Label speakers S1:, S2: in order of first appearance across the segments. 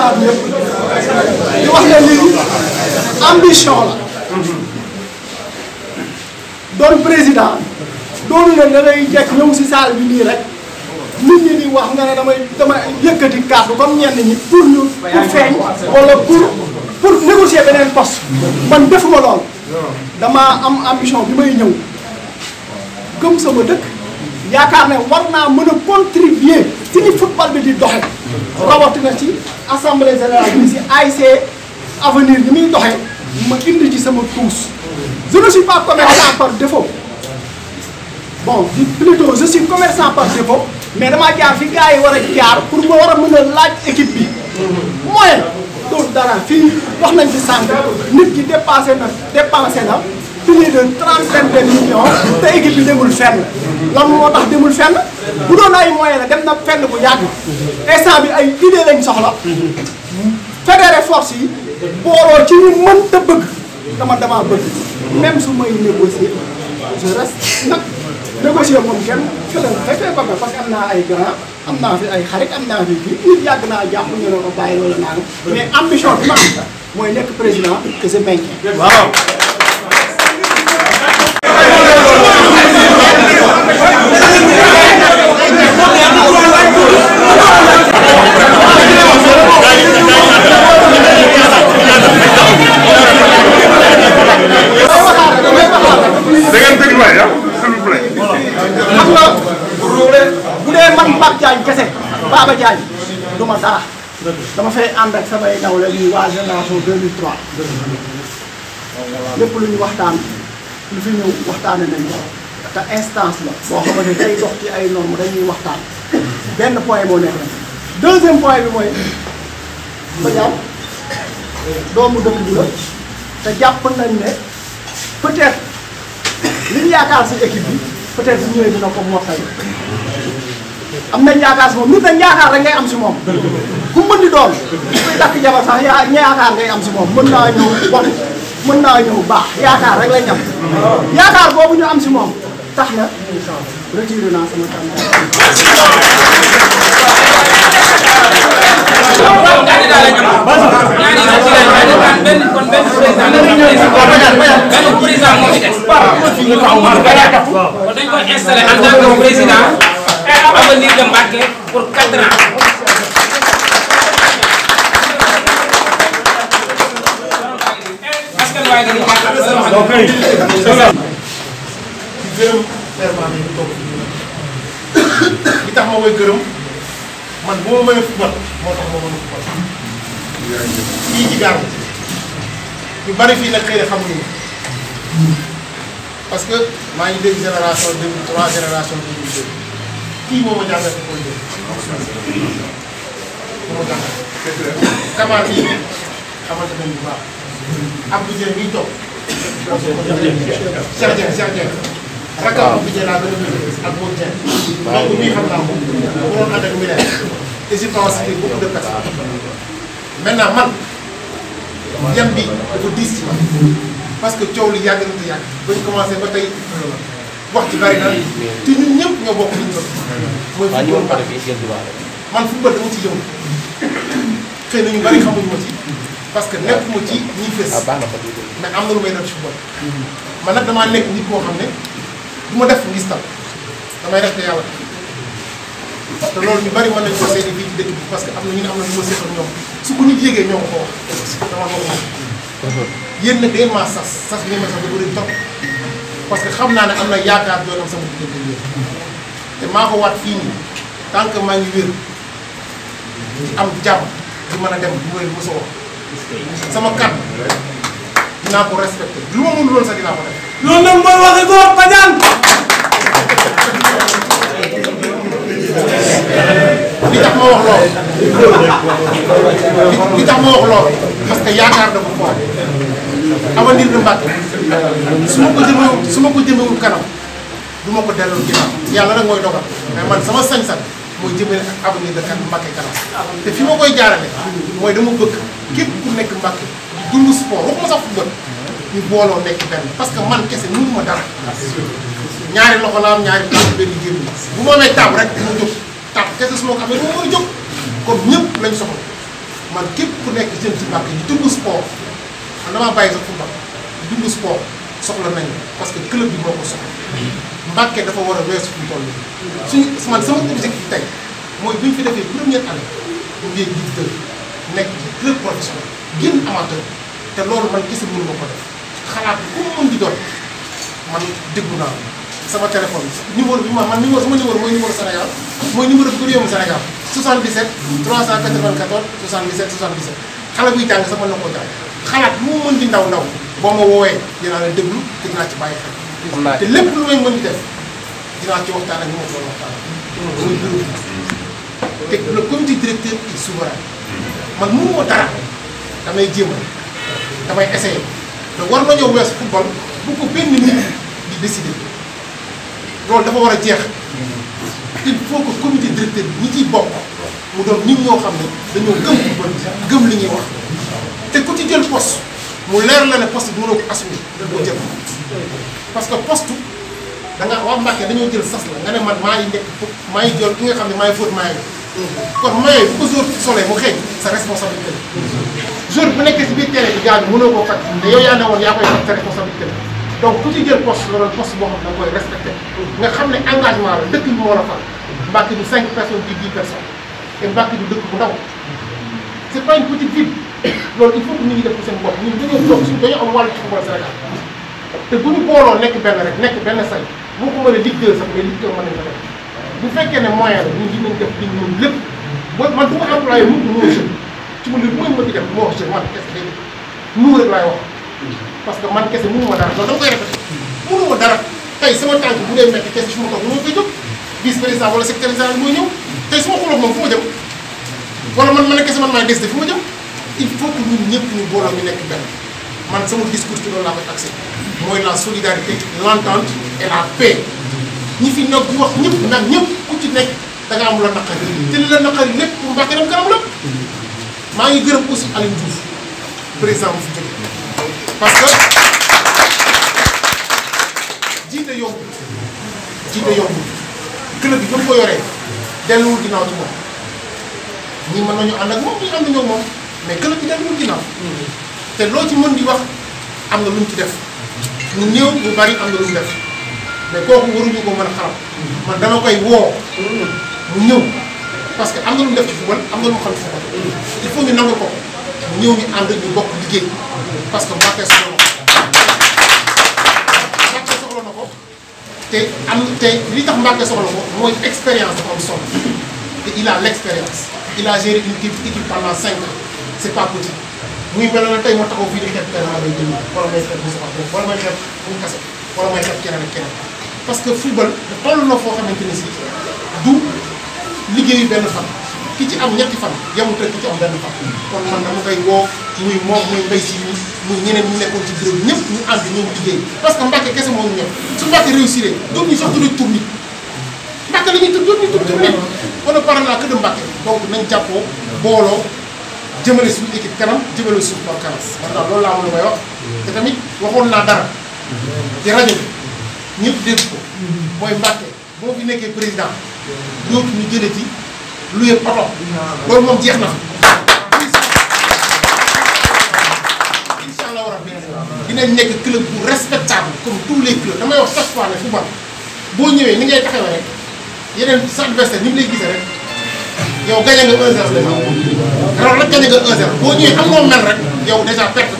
S1: xalaat lépp di wax ne lii ambition la doon président doonu ne da jekk ñëw si salle bi nii rek nit ñi di wax nga ne damay dama yëkkati kàddu comme ñenn ñi pour ñu pour feeñ wala pour pour négocier beneen poste man defuma lool dama am ambition bi may ñëw gëm sama dëkk yaakaar ne war naa mën a contribuer ci ni football bi di doxe rawatina ci assemblée générale bi si AIC avenir ni muy doxee ma indi ci sama tuus je ne suis pas commerçant par défaut bon plutôt je suis commerçant par défaut mais damaa jaar fi gars yi war a jaar pour ma war a mën a laaj équipe bi mooy loolu dara fii wax nañ ci sànq nit ki dépassé na dépensé na plus de trentaine de te équipe bi demul fenn lan moo tax demul fenn bu doon ay moyens la dem na fenn bu yàgg instant bi ay idée soxla fédérer force yi booloo ci ñu mën ta bëgg dama dama bëgg même su may négocier je reste nag négocier moom kenn këlan fekkee ba parce que am naa ay grand am naa fi ay xarit am naa fi kii nit yàgg naa jàpp ñu ne ko bàyyi loolu naa mais ambition bi ma am mooy nekk président plaît ah bu dee man Pape Diagne kese Baba Diagne du ma dara. dama fay ànd ak samay nawle ñuy waa génération 2003. lépp lu ñu waxtaan lu fi ñëw waxtaane nañ ko te instance la boo xamante day dox ci ay normes dañuy waxtaan benn point moo nekk deuxième point bi mooy Badiane doomu dëkk bi te jàpp nañ ne peut li ñu yaakaar suñu équipe bi peut être ñëwee dina ko mottali am nañ yaakaar si moom nit nañ yaakaar rek ngay am si moom ku mën di doon kuy takk jabar sax yaa yaakaar ngay am si moom mën naa ñëw bon mën naa ñëw baax yaakaar rek lañ am yaakaar boobu ñu am si moom tax na retiré naa sama
S2: installé en tant que président avenir de Mbacké pour 4 ans. parce que père yi tax ma koy gërëm man bu ma mën a football moo tax ma fii ci gàll. ñu bari fii nag xëy na xamuñu parce que maa ngi dégg génération deux mille trois génération deux mille deux kii moo ma jàngal ko koy jël. moo ma jàngal. kamaan baax. Abdou Dieng miy toog. Cheikh Dieng waaw bi jëlaat ba moom Thiel. waaw naa ko. bu doon ànd man. jëm bi dafa que coow li yàgg na te yàgg ba ñu commencé ba tey wax ci bari ñu doon. mooy ma ci. parce que nekkuma ci ah, am na lu may doon ci football. man nag damaa nekk nit koo xam ne. bu ma def ngistal damay def te yàlla parce loolu ñu bari mën nañu ko seeni fii ci bi parce que am na ñu ne am na ñu ma seqal ñoom su ko nit yéegee ñoo ko wax dama ko
S1: wax
S2: maa sas sas bi ngeen ma sax dafa bëri trop parce que xam naa ne am na yaakaar doonam sama diggante yéen te maa ko waat fii nii tant que maa ngi wér di am jàmm di mën a dem bu wér mosoo wax sama kàddu dinaa ko respecté lu ma mënul woon sax dinaa ko def
S1: loolu nag mooy waxi góor Badiane li
S2: li tax ma wax lool parce que yaakaar dafa fort
S1: avenir du Mbàkke su ma ko jëmewul
S2: su ma ko jëmewul kanam du ma ko delloo ginnaaw yàlla rek mooy dogal man sama sañ-sañ mooy jëmale ak avenir de Mbàkke kanam te fi ma koy jaarale mooy dama bëgg képp ku nekk Mbàkke dund sport waxuma sax football ñu booloo nekk benn parce que man kese mënu ma dara. ñaari loxo la am ñaari tànk benn jëriñ bu ma amee tàmp rek dama jóg tàmp kese su ma ko amee du ma mën a ñëpp lañ soxla man képp ku nekk si ci mbàkk yi dund sport man damaa bàyyi sax football dund sport soxla nañu parce que club bi ko soxla dafa war a weesu fu mu toll nii suñu man sama mooy bu ñu fi defee première année nekk ci club professionnel génn amateur te loolu man kese mënu ma ko def. xalaat ku mu mën di doon man déglu naa sama téléphone numéro bi ma man numéro sama numéro mooy numéro Sénégal mooy numéro bu réewum Sénégal 77. 394 77 77. xale buy jàng sax mën na koo jàng xalaat bu mu mën di ndaw ndaw boo ma woowee dinaa déglu te dinaa ci bàyyi xel. te lépp lu may mën di def dinaa ci waxtaan ak ñu ko waxtaan te man mënu ma dara damay jéem damay essayer. te war nañoo weesu football bu ko benn nit di décider loolu dafa war a jeex il faut que comité directeur bi ñi ciy bokk mu doon nit ñoo xam ne dañoo gëm football gëm li ñuy wax te ku ci jël poste mu leer la ne poste bi mënoo ko assumer boo jël parce que poste da nga waa Mbàkke dañoo jël sas la nga ne man maa nekk fo maa ngi jël ki nga xam ne maa ngi fóot maa ngi mm-hmm. kon maye bu ko jour solee mu xeeñ sa responsabilité jour bu nekkee si biir télé bi gaañu mënoo koo faj te yow yaa ne woon yaa koy faj sa responsabilité la donc ku ci jël poste loolu poste boo xam ne da koy respecté nga xam ne engagement la dëkk bi moo la fal Mbacké du cinq personnes di dix te Mbacké du dëkk bu ndaw c'est pas une petite ville loolu il faut que nit ñi def ko seen bopp ñun dañoo toog suñu dañoo am wàllu ci football Sénégal te bu ñu booloo nekk benn rek nekk benn say boo ko mënee Ligue 2 sax mais ko def bu fekkee ne moyen la ñun dinañ def li ñu lépp boo man mu ne mooy mën di def moo wax si man kese léegi mu rek laay wax parce que man kese mënu ma dara loolu da nga koy répété mënu ma dara tey sama tànk bu dee métti kese su ma toog ma koy jóg vice président wala secrétaire général mooy ñëw tey su ma xuloog moom fu ma jëm wala man ma ne kese man maay décidé fu ma il faut que ñun ñëpp ñu booloo ñu nekk benn man sama discours ci loolu laa koy taxé mooy la solidarité l'entente et la paix ñi fi nag di wax ñëpp nag ñëpp ku ci nekk da nga am la naqari te maa ngi gërëm aussi Alioune Diouf président bu parce que jiite yombul jiite yombul club bi ñu ko yoree delluwul ginnaaw ci moom ñi mën nañu ànd ak moom ñi ànd ñoo moom mais club bi delluwul ginnaaw te loo ci mën di wax am na lu mu ci def ñu néew ñu bari am na lu mu def mais kooku waruñu ko mën a xaram man dama koy woo mu ñëw parce que am nga lu mu def ci football am nga lu mu xam ci football il faut ñu nangu ko ñëw ñu ànd ñu bokk liggéey parce que Mbacké soxla na ko soxla na ko te am te li tax Mbacké soxla ko mooy expérience dafa am solo te il a l' expérience il a géré une équipe pendant cinq ans c' est pas petit muy mel na tey moo taxaw fii di xeeb benn wala jënd wala may xeeb Moussa Diop wala may xeeb bu kase wala may xeeb keneen ak keneen parce que football toll na foo xamante ni si du. liggéeyu benn fan ki ci am ñetti fan yamut ak ki ci am benn fan. kon man dama koy woo muy moom muy mbay si muy ñeneen ñu nekkoon ci bureau ñëpp ñu ànd ñoom liggéey parce que Mbàkke kese moo ñu ñor su Mbàkke réussir doon ñu sax tudd tur nit Mbàkke la ñuy tudd doon ñu tudd tur nit on ne parle que de Mbàkke nañ jàppoo booloo jëmale suñu équipe kanam jëmale suñu bopp kanam man daal loolu laa am lu may wax te tamit waxoon naa dara ci rajo bi ñëpp dégg ko mooy Mbàkke boo fi nekkee président dootuñu jëlati lu yëpp oto loolu moom jeex na fi incha allah rabbi dinañ nekk club bu respectable comme tous les clubs damay wax chaque fois ne football boo ñëwee ni ngay taxawee rek yeneen sa adversaire ni mu lay gisee rek yow gagné nga 1-0 déjà alors nag gagné nga 1-0 boo ñëwee am noo mel rek yow déjà perte ko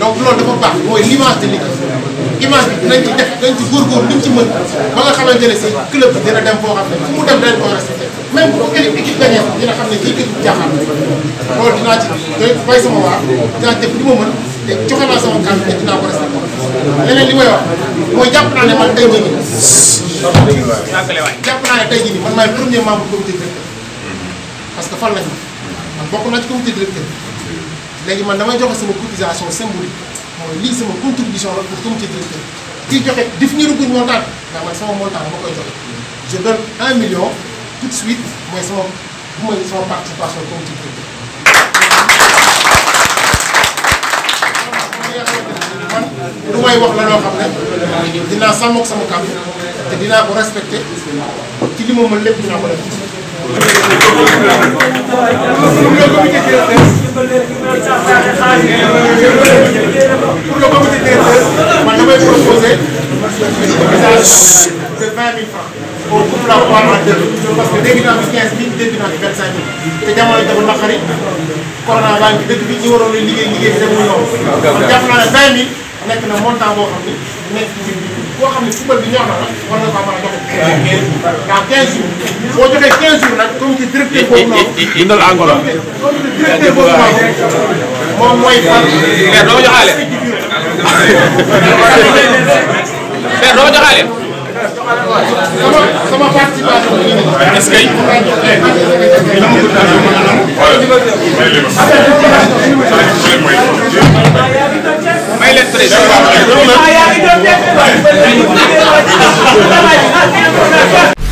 S2: donc loolu dafa baax mooy l'image de l'équipe image bi dinañ ci def dinañ ci góorgóorlu luñ ci mën ba nga xamante ne si club bi dina dem foo xam ne fu mu dem dañ ko respecté même bu équipe équipe gagnée sax dina xam na loolu dinaa ci sama waa dinaa li ma mën te joxe naa sama kàddu te dinaa
S1: may wax
S2: mooy jàpp naa ne man tey jii nii naa ne tey jii nii parce que fal nañ ma man bokk naa ci comité directeur léegi man damay joxe sama cotisation symbolique mooy lii sama contribution la pour comité directeur kii joxe définir guñ montant bi ndax man sama montant ma koy joxe je donne un million tout de suite mooy sama bu sama participation comité directeur lu may wax la loo sama kàddu te dinaa ko respecté ci li ma mën lépp dinaa ko def pièce de 20 000 francs au groupe la war a jël parce que dégg naa fi 15 000 dégg naa fi 25 000 te jamono dafa naqari corona baa ngi dëkk bi ñu waroon a liggéey liggéey bi demul yoon kon jàpp naa ne 20 000 nekk na montant boo xam ni nekk ci boo xam ne football bi ñor na la war na faa mën a joxe 15 dans 15 jours boo joxee 15 jours nag comité directeur boobu noonu dindal Angola comité directeur boobu noonu moom mooy fan leer doo joxaale Père doo joxaale. sama sama participation est-ce que.
S1: may leen président. may leen président.